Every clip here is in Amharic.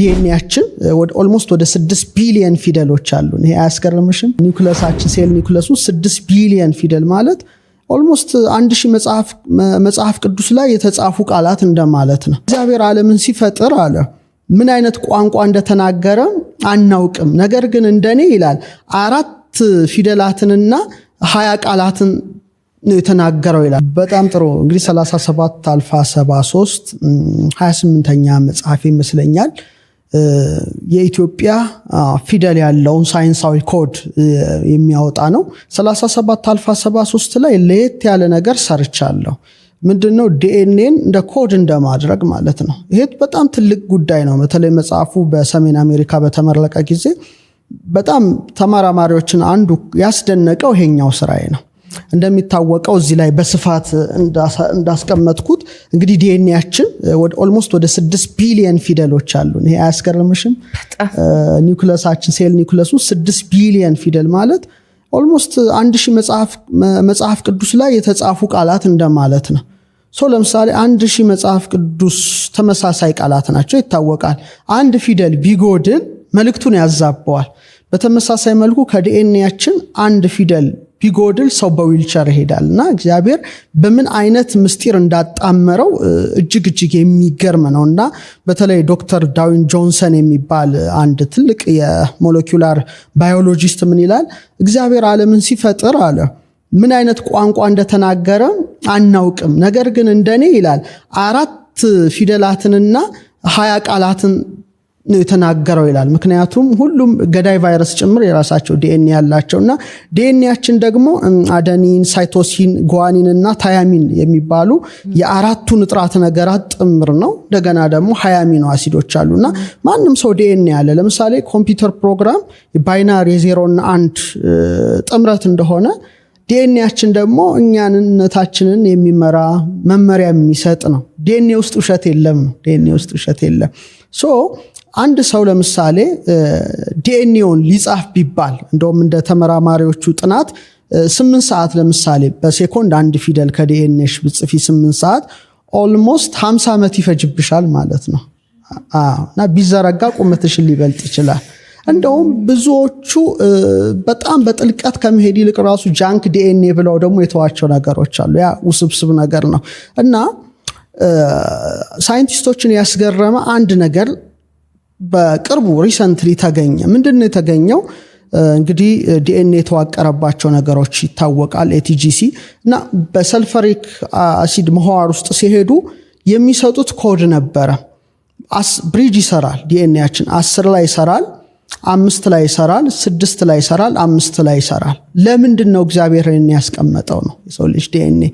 ዲኤንኤያችን ኦልሞስት ወደ ስድስት ቢሊየን ፊደሎች አሉ። ይሄ አያስገርምሽም? ኒውክለሳችን ሴል ኒውክለሱ ስድስት ቢሊየን ፊደል ማለት ኦልሞስት አንድ ሺህ መጽሐፍ ቅዱስ ላይ የተጻፉ ቃላት እንደማለት ነው። እግዚአብሔር ዓለምን ሲፈጥር አለ ምን አይነት ቋንቋ እንደተናገረ አናውቅም፣ ነገር ግን እንደኔ ይላል አራት ፊደላትንና ሀያ ቃላትን ነው የተናገረው ይላል። በጣም ጥሩ እንግዲህ 37 አልፋ 73 28ኛ መጽሐፍ ይመስለኛል። የኢትዮጵያ ፊደል ያለውን ሳይንሳዊ ኮድ የሚያወጣ ነው። 37 አልፋ 73 ላይ ለየት ያለ ነገር ሰርቻለሁ። ምንድን ነው? ዲኤንኤን እንደ ኮድ እንደማድረግ ማለት ነው። ይሄ በጣም ትልቅ ጉዳይ ነው። በተለይ መጽሐፉ በሰሜን አሜሪካ በተመረቀ ጊዜ በጣም ተመራማሪዎችን አንዱ ያስደነቀው ይሄኛው ስራዬ ነው። እንደሚታወቀው እዚህ ላይ በስፋት እንዳስቀመጥኩት እንግዲህ ዲኤንኤያችን ኦልሞስት ወደ ስድስት ቢሊየን ፊደሎች አሉ ይሄ አያስገርምሽም? ኒውክለሳችን ሴል ኒውክለሱ ስድስት ቢሊየን ፊደል ማለት ኦልሞስት አንድ ሺህ መጽሐፍ ቅዱስ ላይ የተጻፉ ቃላት እንደማለት ነው። ሶ ለምሳሌ አንድ ሺህ መጽሐፍ ቅዱስ ተመሳሳይ ቃላት ናቸው ይታወቃል። አንድ ፊደል ቢጎድን መልእክቱን ያዛበዋል። በተመሳሳይ መልኩ ከዲኤንኤያችን አንድ ፊደል ቢጎድል ሰው በዊልቸር ይሄዳል እና እግዚአብሔር በምን አይነት ምስጢር እንዳጣመረው እጅግ እጅግ የሚገርም ነው እና በተለይ ዶክተር ዳዊን ጆንሰን የሚባል አንድ ትልቅ የሞለኪላር ባዮሎጂስት ምን ይላል? እግዚአብሔር አለምን ሲፈጥር አለ ምን አይነት ቋንቋ እንደተናገረ አናውቅም። ነገር ግን እንደኔ ይላል አራት ፊደላትንና ሀያ ቃላትን ነው የተናገረው ይላል። ምክንያቱም ሁሉም ገዳይ ቫይረስ ጭምር የራሳቸው ዲኤንኤ ያላቸው እና ዲኤንኤያችን ደግሞ አደኒን፣ ሳይቶሲን፣ ጓኒን እና ታያሚን የሚባሉ የአራቱ ንጥራት ነገራት ጥምር ነው። እንደገና ደግሞ ሀያሚኖ አሲዶች አሉ እና ማንም ሰው ዲኤንኤ ያለ ለምሳሌ ኮምፒውተር ፕሮግራም ባይናሪ እና አንድ ጥምረት እንደሆነ ዲኤንኤያችን ደግሞ እኛንነታችንን የሚመራ መመሪያ የሚሰጥ ነው። ዲኤንኤ ውስጥ ውሸት የለም ነው። ዲኤንኤ ውስጥ ውሸት የለም። ሶ አንድ ሰው ለምሳሌ ዲኤንኤውን ሊጻፍ ቢባል እንደውም እንደ ተመራማሪዎቹ ጥናት ስምንት ሰዓት ለምሳሌ በሴኮንድ አንድ ፊደል ከዲኤንኤሽ ብጽፊ ስምንት ሰዓት ኦልሞስት ሀምሳ ዓመት ይፈጅብሻል ማለት ነው እና ቢዘረጋ ቁመትሽን ሊበልጥ ይችላል። እንደውም ብዙዎቹ በጣም በጥልቀት ከመሄድ ይልቅ ራሱ ጃንክ ዲኤንኤ ብለው ደግሞ የተዋቸው ነገሮች አሉ። ያ ውስብስብ ነገር ነው እና ሳይንቲስቶችን ያስገረመ አንድ ነገር በቅርቡ ሪሰንትሊ ተገኘ። ምንድን ነው የተገኘው? እንግዲህ ዲኤንኤ የተዋቀረባቸው ነገሮች ይታወቃል ኤቲጂሲ እና በሰልፈሪክ አሲድ መዋር ውስጥ ሲሄዱ የሚሰጡት ኮድ ነበረ። ብሪጅ ይሰራል ዲኤንኤያችን አስር ላይ ይሰራል፣ አምስት ላይ ይሰራል፣ ስድስት ላይ ይሰራል፣ አምስት ላይ ይሰራል። ለምንድን ነው እግዚአብሔር ያስቀመጠው ነው የሰው ልጅ ዲኤንኤ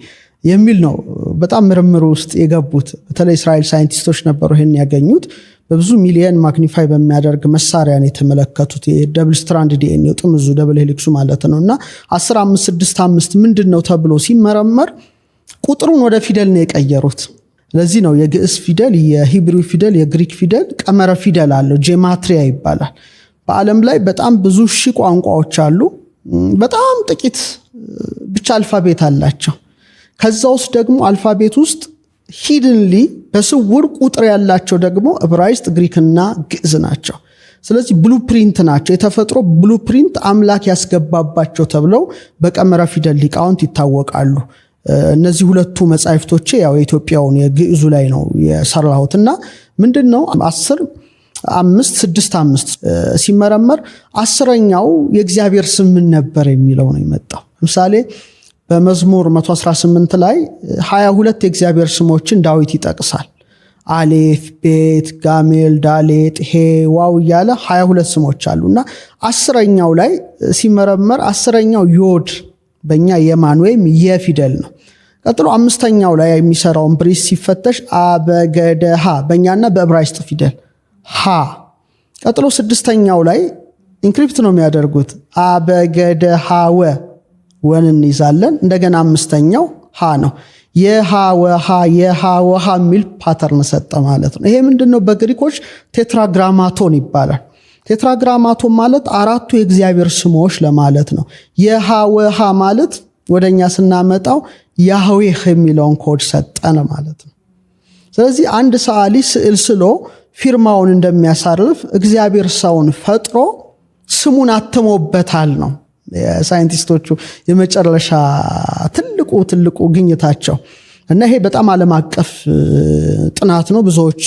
የሚል ነው። በጣም ምርምር ውስጥ የገቡት በተለይ እስራኤል ሳይንቲስቶች ነበሩ ይህን ያገኙት። በብዙ ሚሊየን ማግኒፋይ በሚያደርግ ነው የተመለከቱት ደብል ስትራንድ ዲኤንኤው ጥምዙ ደብል ሄሊክሱ ማለት ነው እና 1565 ምንድን ነው ተብሎ ሲመረመር ቁጥሩን ወደ ፊደል ነው የቀየሩት። ለዚህ ነው የግዕስ ፊደል፣ የሂብሪ ፊደል፣ የግሪክ ፊደል ቀመረ ፊደል አለው። ጄማትሪያ ይባላል። በዓለም ላይ በጣም ብዙ ሺህ ቋንቋዎች አሉ። በጣም ጥቂት ብቻ አልፋቤት አላቸው። ከዛ ውስጥ ደግሞ አልፋቤት ውስጥ ሂድንሊ በስውር ቁጥር ያላቸው ደግሞ ዕብራይስጥ፣ ግሪክና ግዕዝ ናቸው። ስለዚህ ብሉፕሪንት ናቸው። የተፈጥሮ ብሉፕሪንት አምላክ ያስገባባቸው ተብለው በቀመረ ፊደል ሊቃውንት ይታወቃሉ። እነዚህ ሁለቱ መጽሐፍቶቼ ያው የኢትዮጵያውን የግዕዙ ላይ ነው እና ምንድን ነው አስር አምስት ስድስት አምስት ሲመረመር አስረኛው የእግዚአብሔር ስም ምን ነበር የሚለው ነው የመጣው። ለምሳሌ በመዝሙር 118 ላይ 22 የእግዚአብሔር ስሞችን ዳዊት ይጠቅሳል። አሌፍ፣ ቤት፣ ጋሜል፣ ዳሌጥ፣ ሄ፣ ዋው እያለ 22 ስሞች አሉ እና አስረኛው ላይ ሲመረመር አስረኛው ዮድ በእኛ የማን ወይም የፊደል ነው። ቀጥሎ አምስተኛው ላይ የሚሰራውን ብሪስ ሲፈተሽ አበገደ ሀ በእኛና በዕብራይስጥ ፊደል ሀ። ቀጥሎ ስድስተኛው ላይ ኢንክሪፕት ነው የሚያደርጉት አበገደ ሀወ ወን እንይዛለን። እንደገና አምስተኛው ሀ ነው። የሃ ወሃ የሃ ወሃ የሚል ፓተርን ሰጠ ማለት ነው። ይሄ ምንድን ነው? በግሪኮች ቴትራግራማቶን ይባላል። ቴትራግራማቶን ማለት አራቱ የእግዚአብሔር ስሞች ለማለት ነው። የሃ ወሃ ማለት ወደኛ ስናመጣው ያህዌህ የሚለውን ኮድ ሰጠን ማለት ነው። ስለዚህ አንድ ሰዓሊ ስዕል ስሎ ፊርማውን እንደሚያሳርፍ እግዚአብሔር ሰውን ፈጥሮ ስሙን አትሞበታል ነው። የሳይንቲስቶቹ የመጨረሻ ትልቁ ትልቁ ግኝታቸው እና ይሄ በጣም ዓለም አቀፍ ጥናት ነው። ብዙዎች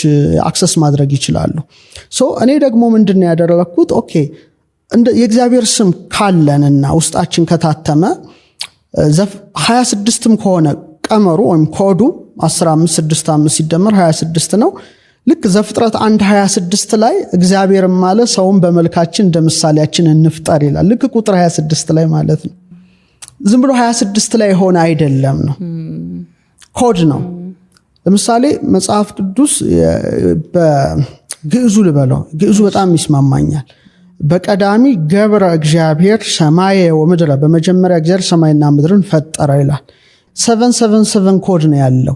አክሰስ ማድረግ ይችላሉ። ሶ እኔ ደግሞ ምንድን ያደረግኩት ኦኬ የእግዚአብሔር ስም ካለንና ውስጣችን ከታተመ 26ም ከሆነ ቀመሩ ወይም ኮዱ 1565 ሲደመር 26 ነው። ልክ ዘፍጥረት አንድ 26 ላይ እግዚአብሔር አለ ሰውን በመልካችን እንደ ምሳሌያችን እንፍጠር ይላል። ልክ ቁጥር 26 ላይ ማለት ነው። ዝም ብሎ 26 ላይ የሆነ አይደለም ነው፣ ኮድ ነው። ለምሳሌ መጽሐፍ ቅዱስ በግዕዙ ልበለው፣ ግዕዙ በጣም ይስማማኛል። በቀዳሚ ገብረ እግዚአብሔር ሰማየ ወምድረ፣ በመጀመሪያ እግዚአብሔር ሰማይና ምድርን ፈጠረ ይላል። ሰቨን ሰቨን ሰቨን ኮድ ነው ያለው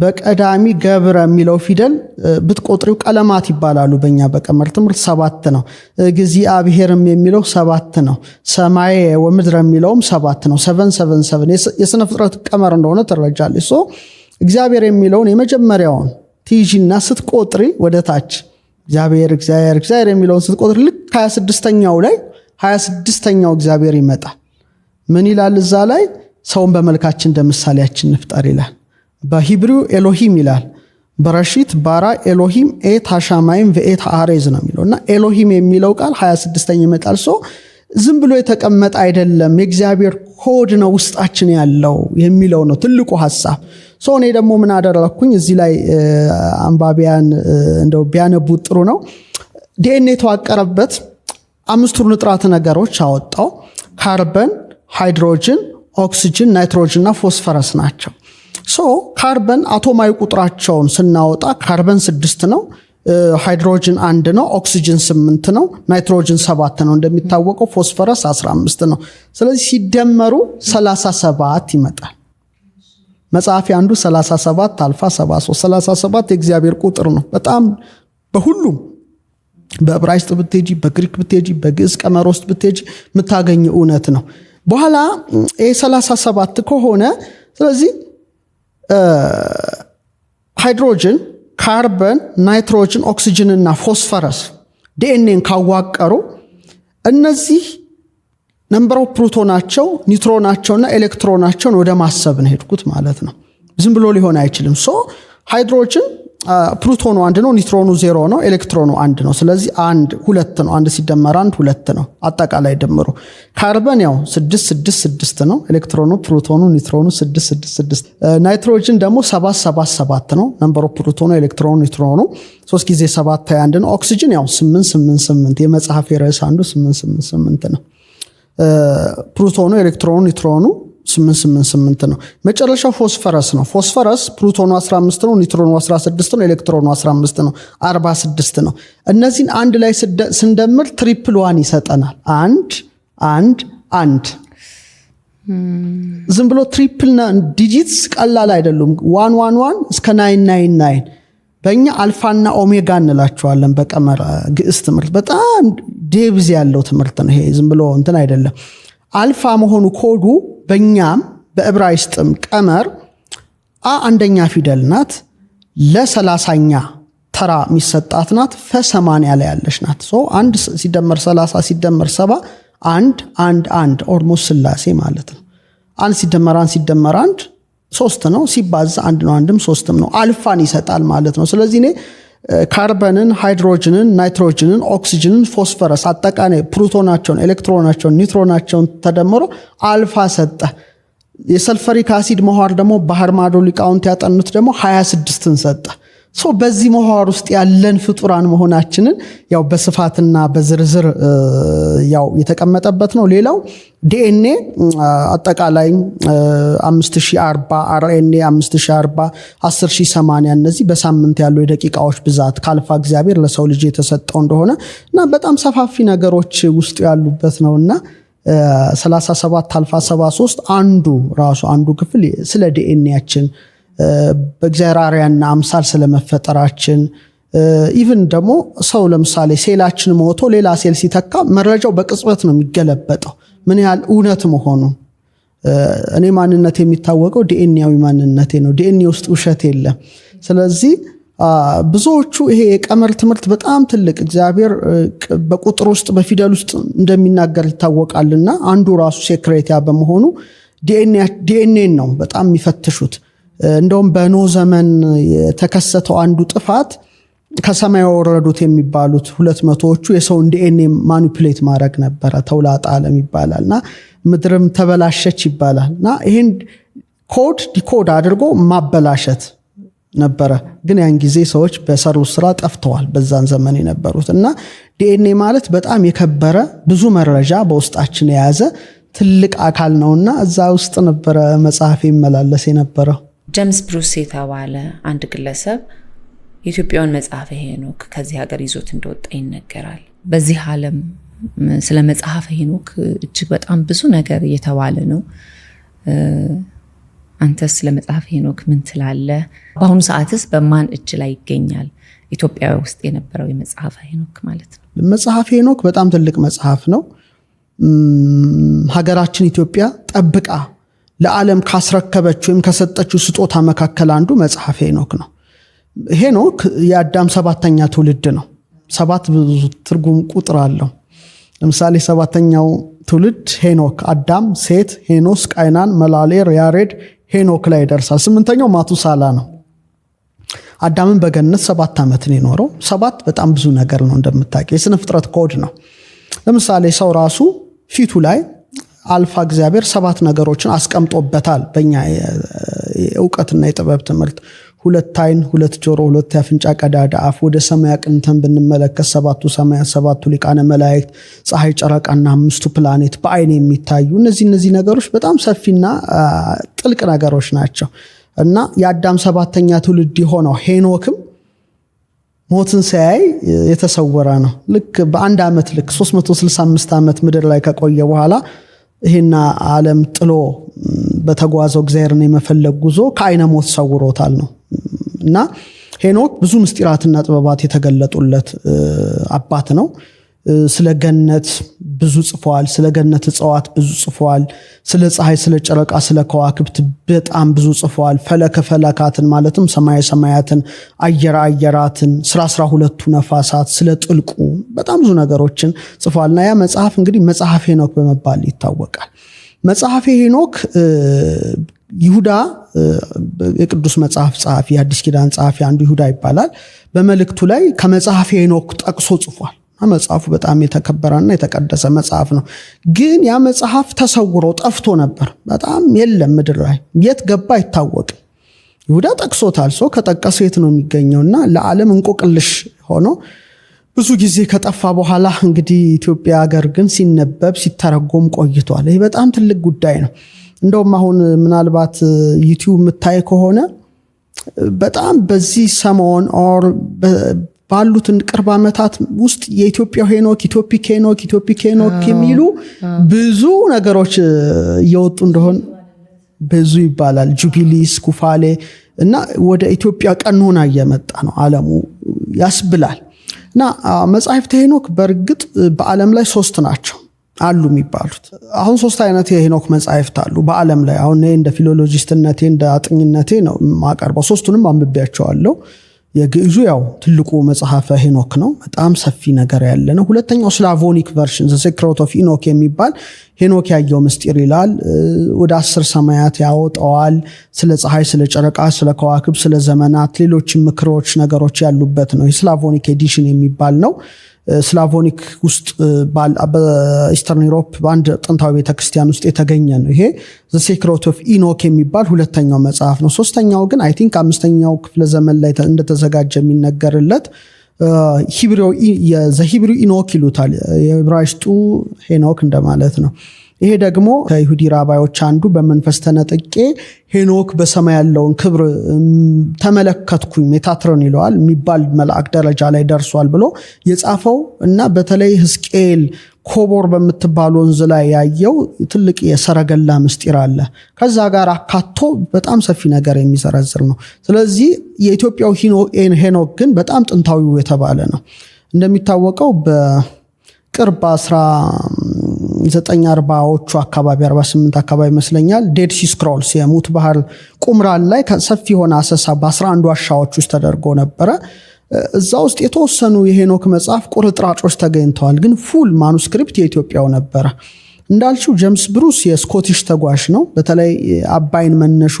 በቀዳሚ ገብረ የሚለው ፊደል ብትቆጥሪው ቀለማት ይባላሉ። በእኛ በቀመር ትምህርት ሰባት ነው። እግዚአብሔርም የሚለው ሰባት ነው። ሰማይ ወምድር የሚለውም ሰባት ነው። ሰቨን ሰቨን ሰቨን የስነ ፍጥረት ቀመር እንደሆነ ትረጃለች። ሶ እግዚአብሔር የሚለውን የመጀመሪያውን ትይዢና ስትቆጥሪ ወደ ታች እግዚአብሔር እግዚአብሔር እግዚአብሔር የሚለውን ስትቆጥሪ ልክ ሀያ ስድስተኛው ላይ ሀያ ስድስተኛው እግዚአብሔር ይመጣል። ምን ይላል እዛ ላይ? ሰውን በመልካችን እንደ ምሳሌያችን እንፍጠር ይላል። በሂብሪው ኤሎሂም ይላል። በረሺት ባራ ኤሎሂም ኤት ሃሻማይም ቬኤት አሬዝ ነው የሚለው እና ኤሎሂም የሚለው ቃል 26ኛ ይመጣል። ሶ ዝም ብሎ የተቀመጠ አይደለም፣ የእግዚአብሔር ኮድ ነው ውስጣችን ያለው የሚለው ነው ትልቁ ሀሳብ። ሰው እኔ ደግሞ ምን አደረኩኝ እዚህ ላይ አንባቢያን እንደው ቢያነቡት ጥሩ ነው። ዲኤንኤ የተዋቀረበት አምስቱ ንጥራት ነገሮች አወጣው። ካርበን፣ ሃይድሮጅን፣ ኦክሲጅን፣ እና ፎስፈረስ ናቸው። ሶ ካርበን አቶማዊ ቁጥራቸውን ስናወጣ ካርበን ስድስት ነው። ሃይድሮጅን አንድ ነው። ኦክሲጅን ስምንት ነው። ናይትሮጅን ሰባት ነው። እንደሚታወቀው ፎስፈረስ 15 ነው። ስለዚህ ሲደመሩ 37 ይመጣል። መጽሐፊ አንዱ 37 አልፋ 73 37 የእግዚአብሔር ቁጥር ነው። በጣም በሁሉም በዕብራይስጥ ብትሄጂ፣ በግሪክ ብትሄጂ፣ በግዕዝ ቀመር ውስጥ ብትሄጂ የምታገኝ እውነት ነው። በኋላ ይህ 37 ከሆነ ስለዚህ ሃይድሮጅን፣ ካርበን፣ ናይትሮጅን፣ ኦክሲጅን እና ፎስፈረስ ዲኤንኤን ካዋቀሩ እነዚህ ነንበረው ፕሩቶናቸው ኒውትሮናቸውና ኤሌክትሮናቸውን ወደ ማሰብ ነው ሄድኩት ማለት ነው። ዝም ብሎ ሊሆን አይችልም። ሶ ሃይድሮጅን ፕሉቶኑ አንድ ነው፣ ኒትሮኑ ዜሮ ነው፣ ኤሌክትሮኑ አንድ ነው። ስለዚህ አንድ ሁለት ነው። አንድ ሲደመር አንድ ሁለት ነው። አጠቃላይ ደምሮ ካርበን ያው ስድስት ስድስት ስድስት ነው። ኤሌክትሮኑ፣ ፕሉቶኑ፣ ኒትሮኑ ስድስት ስድስት ስድስት። ናይትሮጅን ደግሞ ሰባት ሰባት ሰባት ነው። ነምበሮ ፕሉቶኑ፣ ኤሌክትሮኑ፣ ኒትሮኑ ሶስት ጊዜ ሰባት ታይ አንድ ነው። ኦክሲጅን ያው ስምንት ስምንት ስምንት የመጽሐፍ ርዕስ አንዱ ስምንት ስምንት ስምንት ነው። ፕሉቶኑ፣ ኤሌክትሮኑ፣ ኒትሮኑ 888 ነው። መጨረሻው ፎስፈረስ ነው። ፎስፈረስ ፕሉቶኑ 15 ነው፣ ኒትሮኑ 16 ነው፣ ኤሌክትሮኑ 15 ነው፣ 46 ነው። እነዚህን አንድ ላይ ስንደምር ትሪፕል ዋን ይሰጠናል። አንድ አንድ አንድ ዝም ብሎ ትሪፕል ዲጂትስ ቀላል አይደሉም። ዋን ዋን ዋን እስከ ናይን ናይን ናይን በእኛ አልፋና ኦሜጋ እንላቸዋለን። በቀመር ግዕዝ ትምህርት በጣም ዴብዝ ያለው ትምህርት ነው። ይሄ ዝም ብሎ እንትን አይደለም። አልፋ መሆኑ ኮዱ በእኛም በዕብራይስጥም ቀመር አ አንደኛ ፊደል ናት። ለሰላሳኛ ተራ የሚሰጣት ናት። ፈሰማንያ ላይ ያለች ናት። አንድ ሲደመር ሰላሳ ሲደመር ሰባ አንድ አንድ አንድ ኦርሞስ ስላሴ ማለት ነው። አንድ ሲደመር አንድ ሲደመር አንድ ሶስት ነው። ሲባዛ አንድ ነው፣ አንድም ሶስትም ነው። አልፋን ይሰጣል ማለት ነው። ስለዚህ እኔ ካርበንን፣ ሃይድሮጅንን፣ ናይትሮጅንን፣ ኦክሲጅንን፣ ፎስፈረስ አጠቃላይ ፕሩቶናቸውን፣ ኤሌክትሮናቸውን፣ ኒውትሮናቸውን ተደምሮ አልፋ ሰጠ። የሰልፈሪክ አሲድ መኋር ደግሞ ባህር ማዶ ሊቃውንት ያጠኑት ደግሞ 26ን ሰጠ። ሶ በዚህ መዋር ውስጥ ያለን ፍጡራን መሆናችንን ያው በስፋትና በዝርዝር ያው የተቀመጠበት ነው። ሌላው ዲኤንኤ አጠቃላይ 5040 አርኤንኤ 5040 10080 እነዚህ በሳምንት ያሉ የደቂቃዎች ብዛት ከአልፋ እግዚአብሔር ለሰው ልጅ የተሰጠው እንደሆነ እና በጣም ሰፋፊ ነገሮች ውስጡ ያሉበት ነው እና 37 አልፋ 73 አንዱ ራሱ አንዱ ክፍል ስለ ዲኤንኤያችን በእግዚአብሔር አምሳል ስለመፈጠራችን ኢቭን ደግሞ ሰው ለምሳሌ ሴላችን ሞቶ ሌላ ሴል ሲተካ መረጃው በቅጽበት ነው የሚገለበጠው፣ ምን ያህል እውነት መሆኑ። እኔ ማንነት የሚታወቀው ዲኤንያዊ ማንነቴ ነው። ዲኤንኤ ውስጥ ውሸት የለም። ስለዚህ ብዙዎቹ ይሄ የቀመር ትምህርት በጣም ትልቅ እግዚአብሔር በቁጥር ውስጥ በፊደል ውስጥ እንደሚናገር ይታወቃልና አንዱ ራሱ ሴክሬቲያ በመሆኑ ዲኤንኤን ነው በጣም የሚፈትሹት። እንደውም በኖ ዘመን የተከሰተው አንዱ ጥፋት ከሰማይ ወረዱት የሚባሉት ሁለት መቶዎቹ የሰውን ዲኤንኤ ማኒፕሌት ማድረግ ነበረ። ተውላጣ ዓለም ይባላል እና ምድርም ተበላሸች ይባላል እና ይህን ኮድ ዲኮድ አድርጎ ማበላሸት ነበረ። ግን ያን ጊዜ ሰዎች በሰሩ ስራ ጠፍተዋል፣ በዛን ዘመን የነበሩት እና ዲኤንኤ ማለት በጣም የከበረ ብዙ መረጃ በውስጣችን የያዘ ትልቅ አካል ነውና እዛ ውስጥ ነበረ መጽሐፍ ይመላለስ የነበረው። ጀምስ ብሩስ የተባለ አንድ ግለሰብ የኢትዮጵያውን መጽሐፈ ሄኖክ ከዚህ ሀገር ይዞት እንደወጣ ይነገራል። በዚህ ዓለም ስለ መጽሐፈ ሄኖክ እጅግ በጣም ብዙ ነገር እየተባለ ነው። አንተ ስለ መጽሐፈ ሄኖክ ምን ትላለህ? በአሁኑ ሰዓትስ በማን እጅ ላይ ይገኛል? ኢትዮጵያ ውስጥ የነበረው የመጽሐፈ ሄኖክ ማለት ነው። መጽሐፈ ሄኖክ በጣም ትልቅ መጽሐፍ ነው። ሀገራችን ኢትዮጵያ ጠብቃ ለዓለም ካስረከበች ወይም ከሰጠችው ስጦታ መካከል አንዱ መጽሐፍ ሄኖክ ነው። ሄኖክ የአዳም ሰባተኛ ትውልድ ነው። ሰባት ብዙ ትርጉም ቁጥር አለው። ለምሳሌ ሰባተኛው ትውልድ ሄኖክ፣ አዳም፣ ሴት፣ ሄኖስ፣ ቃይናን፣ መላሌር፣ ያሬድ ሄኖክ ላይ ይደርሳል። ስምንተኛው ማቱሳላ ነው። አዳምን በገነት ሰባት ዓመት ነው የኖረው። ሰባት በጣም ብዙ ነገር ነው እንደምታውቅ፣ የስነ ፍጥረት ኮድ ነው። ለምሳሌ ሰው ራሱ ፊቱ ላይ አልፋ እግዚአብሔር ሰባት ነገሮችን አስቀምጦበታል። በኛ እውቀትና የጥበብ ትምህርት ሁለት አይን፣ ሁለት ጆሮ፣ ሁለት ያፍንጫ ቀዳዳ፣ አፍ። ወደ ሰማይ አቅንተን ብንመለከት ሰባቱ ሰማያት፣ ሰባቱ ሊቃነ መላእክት፣ ፀሐይ፣ ጨረቃና አምስቱ ፕላኔት በአይን የሚታዩ እነዚህ እነዚህ ነገሮች በጣም ሰፊና ጥልቅ ነገሮች ናቸው እና የአዳም ሰባተኛ ትውልድ የሆነው ሄኖክም ሞትን ሲያይ የተሰወረ ነው። ልክ በአንድ ዓመት ልክ 365 ዓመት ምድር ላይ ከቆየ በኋላ ይህና ዓለም ጥሎ በተጓዘው እግዚአብሔርን የመፈለግ ጉዞ ከአይነ ሞት ሰውሮታል ነው እና ሄኖክ ብዙ ምስጢራትና ጥበባት የተገለጡለት አባት ነው። ስለ ገነት ብዙ ጽፈዋል። ስለ ገነት እጽዋት ብዙ ጽፈዋል። ስለ ፀሐይ፣ ስለ ጨረቃ፣ ስለ ከዋክብት በጣም ብዙ ጽፈዋል። ፈለከ ፈለካትን ማለትም ሰማይ ሰማያትን፣ አየር አየራትን፣ ስለ አስራ ሁለቱ ነፋሳት፣ ስለ ጥልቁ በጣም ብዙ ነገሮችን ጽፈዋል እና ያ መጽሐፍ እንግዲህ መጽሐፍ ሄኖክ በመባል ይታወቃል። መጽሐፍ ሄኖክ ይሁዳ የቅዱስ መጽሐፍ ጸሐፊ፣ የአዲስ ኪዳን ጸሐፊ አንዱ ይሁዳ ይባላል። በመልእክቱ ላይ ከመጽሐፍ ሄኖክ ጠቅሶ ጽፏል። መጽሐፉ በጣም የተከበረና የተቀደሰ መጽሐፍ ነው። ግን ያ መጽሐፍ ተሰውሮ ጠፍቶ ነበር። በጣም የለም ምድር ላይ የት ገባ አይታወቅም። ይሁዳ ጠቅሶታል። ሰው ከጠቀሰ የት ነው የሚገኘውና ለዓለም እንቆቅልሽ ሆኖ ብዙ ጊዜ ከጠፋ በኋላ እንግዲህ ኢትዮጵያ ሀገር ግን ሲነበብ ሲተረጎም ቆይቷል። ይህ በጣም ትልቅ ጉዳይ ነው። እንደውም አሁን ምናልባት ዩቲዩብ የምታይ ከሆነ በጣም በዚህ ሰሞን ኦር ባሉትን ቅርብ ዓመታት ውስጥ የኢትዮጵያ ሄኖክ ኢትዮፒ ኬኖክ ኢትዮፒ ኬኖክ የሚሉ ብዙ ነገሮች እየወጡ እንደሆን ብዙ ይባላል። ጁቢሊስ ኩፋሌ እና ወደ ኢትዮጵያ ቀኖና እየመጣ ነው አለሙ ያስብላል። እና መጽሐፍተ ሄኖክ በእርግጥ በዓለም ላይ ሶስት ናቸው አሉ የሚባሉት። አሁን ሶስት አይነት የሄኖክ መጽሐፍት አሉ በዓለም ላይ። አሁን እንደ ፊሎሎጂስትነቴ እንደ አጥኝነቴ ነው ማቀርበው ሶስቱንም አንብቤያቸዋለሁ። የግዕዙ ያው ትልቁ መጽሐፈ ሄኖክ ነው። በጣም ሰፊ ነገር ያለ ነው። ሁለተኛው ስላቮኒክ ቨርሽን ሴክሬት ኦፍ ኢኖክ የሚባል ሄኖክ ያየው ምስጢር ይላል። ወደ አስር ሰማያት ያወጠዋል ስለ ፀሐይ፣ ስለ ጨረቃ፣ ስለ ከዋክብ፣ ስለ ዘመናት፣ ሌሎችም ምክሮች ነገሮች ያሉበት ነው። የስላቮኒክ ኤዲሽን የሚባል ነው። ስላቮኒክ ውስጥ በኢስተርን ዩሮፕ በአንድ ጥንታዊ ቤተክርስቲያን ውስጥ የተገኘ ነው። ይሄ ዘሴክሮት ኦፍ ኢኖክ የሚባል ሁለተኛው መጽሐፍ ነው። ሶስተኛው ግን አይ ቲንክ አምስተኛው ክፍለ ዘመን ላይ እንደተዘጋጀ የሚነገርለት ዘሂብሪው ኢኖክ ይሉታል። የዕብራይስጡ ሄኖክ እንደማለት ነው። ይሄ ደግሞ ከይሁዲ ራባዮች አንዱ በመንፈስ ተነጥቄ ሄኖክ በሰማይ ያለውን ክብር ተመለከትኩኝ ሜታትሮን ይለዋል የሚባል መልአክ ደረጃ ላይ ደርሷል ብሎ የጻፈው እና በተለይ ህዝቅኤል ኮቦር በምትባል ወንዝ ላይ ያየው ትልቅ የሰረገላ ምስጢር አለ። ከዛ ጋር አካቶ በጣም ሰፊ ነገር የሚዘረዝር ነው። ስለዚህ የኢትዮጵያው ሄኖክ ግን በጣም ጥንታዊው የተባለ ነው። እንደሚታወቀው በቅርብ አስራ ዘጠኝ አርባዎቹ አካባቢ 48 አካባቢ ይመስለኛል ዴድ ሲ ስክሮልስ የሙት ባህር ቁምራን ላይ ሰፊ የሆነ አሰሳ በ11 ዋሻዎች ውስጥ ተደርጎ ነበረ። እዛ ውስጥ የተወሰኑ የሄኖክ መጽሐፍ ቁርጥራጮች ተገኝተዋል። ግን ፉል ማኑስክሪፕት የኢትዮጵያው ነበረ። እንዳልችው ጀምስ ብሩስ የስኮቲሽ ተጓዥ ነው። በተለይ አባይን መነሾ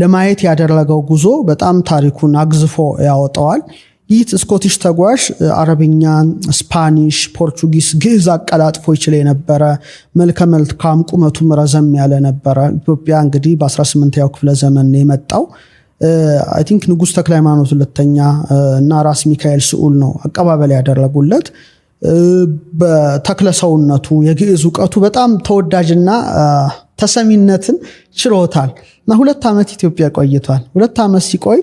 ለማየት ያደረገው ጉዞ በጣም ታሪኩን አግዝፎ ያወጣዋል። ይህ ስኮቲሽ ተጓዥ አረብኛን፣ ስፓኒሽ፣ ፖርቹጊስ፣ ግዕዝ አቀላጥፎ ይችል የነበረ መልከ መልካም ቁመቱም ረዘም ያለ ነበረ። ኢትዮጵያ እንግዲህ በ18ኛው ክፍለ ዘመን የመጣው አይ ቲንክ ንጉሥ ተክለ ሃይማኖት ሁለተኛ እና ራስ ሚካኤል ስዑል ነው አቀባበል ያደረጉለት። በተክለ ሰውነቱ የግዕዝ እውቀቱ በጣም ተወዳጅና ተሰሚነትን ችሎታል እና ሁለት ዓመት ኢትዮጵያ ቆይቷል። ሁለት ዓመት ሲቆይ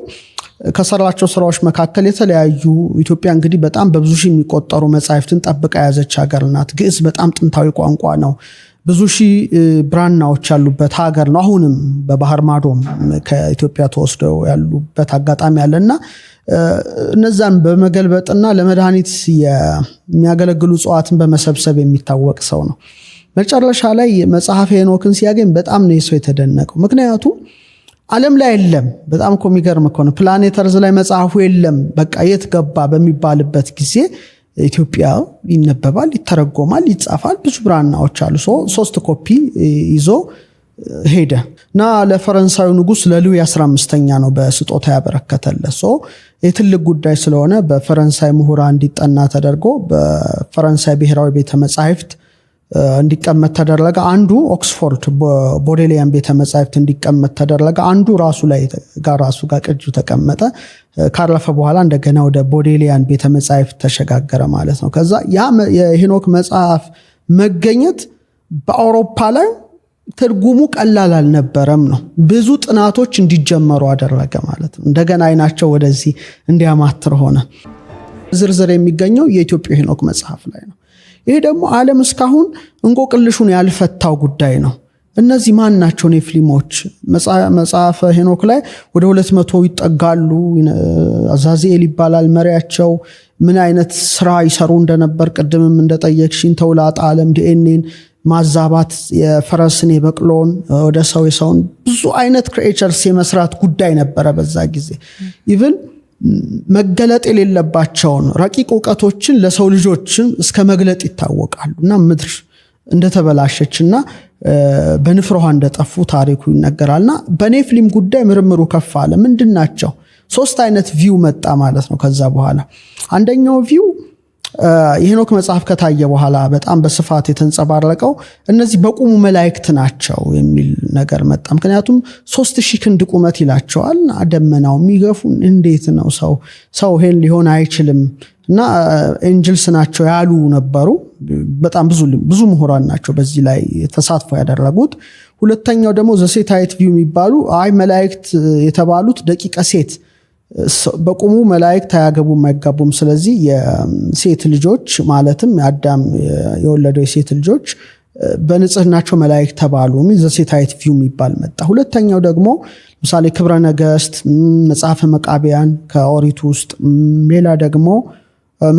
ከሰራቸው ስራዎች መካከል የተለያዩ ኢትዮጵያ እንግዲህ በጣም በብዙ ሺህ የሚቆጠሩ መጽሐፍትን ጠብቃ የያዘች ሀገር ናት። ግዕዝ በጣም ጥንታዊ ቋንቋ ነው። ብዙ ሺህ ብራናዎች ያሉበት ሀገር ነው። አሁንም በባህር ማዶም ከኢትዮጵያ ተወስደው ያሉበት አጋጣሚ አለና እነዛን በመገልበጥና ለመድኃኒት የሚያገለግሉ እጽዋትን በመሰብሰብ የሚታወቅ ሰው ነው። መጨረሻ ላይ መጽሐፈ ሄኖክን ሲያገኝ በጣም ነው የሰው የተደነቀው ምክንያቱም ዓለም ላይ የለም። በጣም እኮ የሚገርም እኮ ነው። ፕላኔተርዝ ላይ መጽሐፉ የለም። በቃ የት ገባ በሚባልበት ጊዜ ኢትዮጵያ ይነበባል፣ ይተረጎማል፣ ይጻፋል። ብዙ ብራናዎች አሉ። ሶስት ኮፒ ይዞ ሄደ እና ለፈረንሳዩ ንጉስ ለሉዊ 15ኛ ነው በስጦታ ያበረከተለት። የትልቅ ጉዳይ ስለሆነ በፈረንሳይ ምሁራን እንዲጠና ተደርጎ በፈረንሳይ ብሔራዊ ቤተ መጻሕፍት እንዲቀመጥ ተደረገ። አንዱ ኦክስፎርድ ቦዴሊያን ቤተ መጻሕፍት እንዲቀመጥ ተደረገ። አንዱ ራሱ ላይ ጋር ራሱ ጋር ቅጁ ተቀመጠ። ካረፈ በኋላ እንደገና ወደ ቦዴሊያን ቤተ መጻሕፍት ተሸጋገረ ማለት ነው። ከዛ ያ የሄኖክ መጽሐፍ መገኘት በአውሮፓ ላይ ትርጉሙ ቀላል አልነበረም ነው። ብዙ ጥናቶች እንዲጀመሩ አደረገ ማለት ነው። እንደገና አይናቸው ወደዚህ እንዲያማትር ሆነ። ዝርዝር የሚገኘው የኢትዮጵያ ሄኖክ መጽሐፍ ላይ ነው። ይሄ ደግሞ ዓለም እስካሁን እንቆቅልሹን ያልፈታው ጉዳይ ነው። እነዚህ ማን ናቸው ኔፍሊሞች መጽሐፈ ሄኖክ ላይ ወደ ሁለት መቶ ይጠጋሉ። አዛዚኤል ይባላል መሪያቸው። ምን አይነት ስራ ይሰሩ እንደነበር ቅድምም እንደጠየቅሽን ተውላጥ ዓለም ዲኤንኤን ማዛባት የፈረስን የበቅሎን ወደ ሰው የሰውን ብዙ አይነት ክሬቸርስ የመስራት ጉዳይ ነበረ በዛ ጊዜ ኢቭን መገለጥ የሌለባቸውን ረቂቅ እውቀቶችን ለሰው ልጆችም እስከ መግለጥ ይታወቃሉ እና ምድር እንደተበላሸችና ውሃ እንደጠፉ ታሪኩ ይነገራልና በኔፍሊም ጉዳይ ምርምሩ ከፍ አለ። ምንድን ናቸው? ሶስት አይነት ቪው መጣ ማለት ነው። ከዛ በኋላ አንደኛው ቪው የሄኖክ መጽሐፍ ከታየ በኋላ በጣም በስፋት የተንጸባረቀው እነዚህ በቁሙ መላእክት ናቸው የሚል ነገር መጣ። ምክንያቱም ሶስት ሺህ ክንድ ቁመት ይላቸዋል። ደመናው የሚገፉን እንዴት ነው ሰው ሰው ይሄን ሊሆን አይችልም እና ኤንጅልስ ናቸው ያሉ ነበሩ። በጣም ብዙ ምሁራን ናቸው በዚህ ላይ ተሳትፎ ያደረጉት። ሁለተኛው ደግሞ ዘሴታይት ቪው የሚባሉ አይ መላእክት የተባሉት ደቂቀ ሴት በቁሙ መላእክት አያገቡም አይጋቡም። ስለዚህ የሴት ልጆች ማለትም የአዳም የወለደው የሴት ልጆች በንጽህናቸው መላእክት ተባሉ። ዘሴታይት ቪው የሚባል መጣ። ሁለተኛው ደግሞ ምሳሌ ክብረ ነገስት፣ መጽሐፈ መቃቢያን ከኦሪቱ ውስጥ ሌላ ደግሞ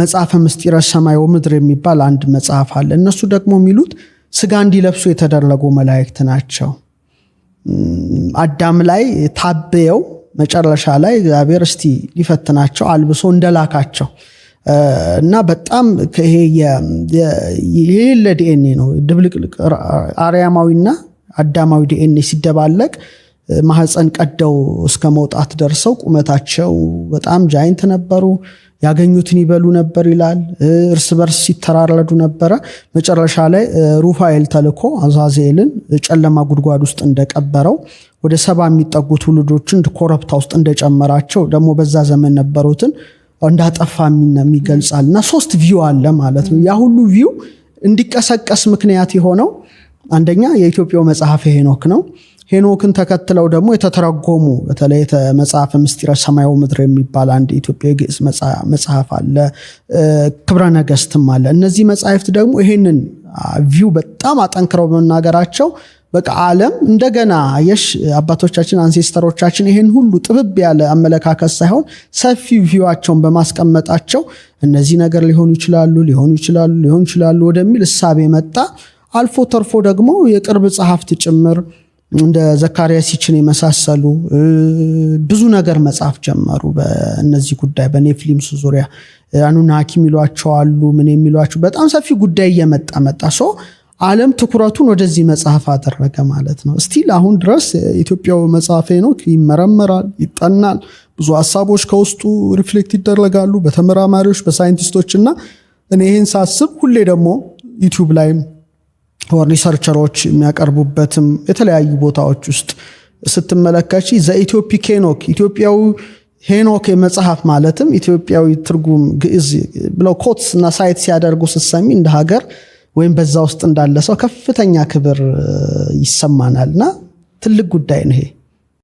መጽሐፈ ምስጢረ ሰማይ ወምድር የሚባል አንድ መጽሐፍ አለ። እነሱ ደግሞ የሚሉት ስጋ እንዲለብሱ የተደረጉ መላእክት ናቸው። አዳም ላይ ታበየው መጨረሻ ላይ እግዚአብሔር እስቲ ሊፈትናቸው አልብሶ እንደላካቸው እና በጣም የሌለ ዲኤንኤ ነው ድብልቅልቅ አርያማዊና አዳማዊ ዲኤንኤ ሲደባለቅ ማህፀን ቀደው እስከ መውጣት ደርሰው ቁመታቸው በጣም ጃይንት ነበሩ። ያገኙትን ይበሉ ነበር ይላል። እርስ በርስ ሲተራረዱ ነበረ። መጨረሻ ላይ ሩፋኤል ተልኮ አዛዜልን ጨለማ ጉድጓድ ውስጥ እንደቀበረው ወደ ሰባ የሚጠጉ ትውልዶችን ኮረብታ ውስጥ እንደጨመራቸው ደግሞ በዛ ዘመን ነበሩትን እንዳጠፋ የሚገልጻል እና ሶስት ቪው አለ ማለት ነው። ያ ሁሉ ቪው እንዲቀሰቀስ ምክንያት የሆነው አንደኛ የኢትዮጵያው መጽሐፍ ሄኖክ ነው። ሄኖክን ተከትለው ደግሞ የተተረጎሙ በተለይ መጽሐፍ ምስጢረ ሰማያዊ ምድር የሚባል አንድ ኢትዮጵያ የግዕዝ መጽሐፍ አለ። ክብረ ነገስትም አለ። እነዚህ መጽሐፍት ደግሞ ይሄንን ቪው በጣም አጠንክረው በመናገራቸው በቃ ዓለም እንደገና የሽ አባቶቻችን አንሴስተሮቻችን ይህን ሁሉ ጥብብ ያለ አመለካከት ሳይሆን ሰፊ ቪዋቸውን በማስቀመጣቸው እነዚህ ነገር ሊሆኑ ይችላሉ ሊሆኑ ይችላሉ ሊሆኑ ይችላሉ ወደሚል እሳቤ መጣ። አልፎ ተርፎ ደግሞ የቅርብ ጸሐፍት ጭምር እንደ ዘካርያስ ይችን የመሳሰሉ ብዙ ነገር መጽሐፍ ጀመሩ። በእነዚህ ጉዳይ በኔፍሊምስ ዙሪያ አኑናኪ የሚሏቸው አሉ ምን የሚሏቸው በጣም ሰፊ ጉዳይ እየመጣ መጣ። ዓለም ትኩረቱን ወደዚህ መጽሐፍ አደረገ ማለት ነው። እስቲል አሁን ድረስ ኢትዮጵያዊ መጽሐፍ ሄኖክ ይመረመራል፣ ይጠናል። ብዙ ሀሳቦች ከውስጡ ሪፍሌክት ይደረጋሉ በተመራማሪዎች በሳይንቲስቶች። እና እኔ ይህን ሳስብ ሁሌ ደግሞ ዩቲዩብ ላይም ሪሰርቸሮች የሚያቀርቡበትም የተለያዩ ቦታዎች ውስጥ ስትመለከች ዘኢትዮፒክ ሄኖክ ኢትዮጵያዊ ሄኖክ መጽሐፍ ማለትም ኢትዮጵያዊ ትርጉም ግዕዝ ብለው ኮትስ እና ሳይት ሲያደርጉ ስትሰሚ እንደ ሀገር ወይም በዛ ውስጥ እንዳለ ሰው ከፍተኛ ክብር ይሰማናልና ትልቅ ጉዳይ ነው ይሄ።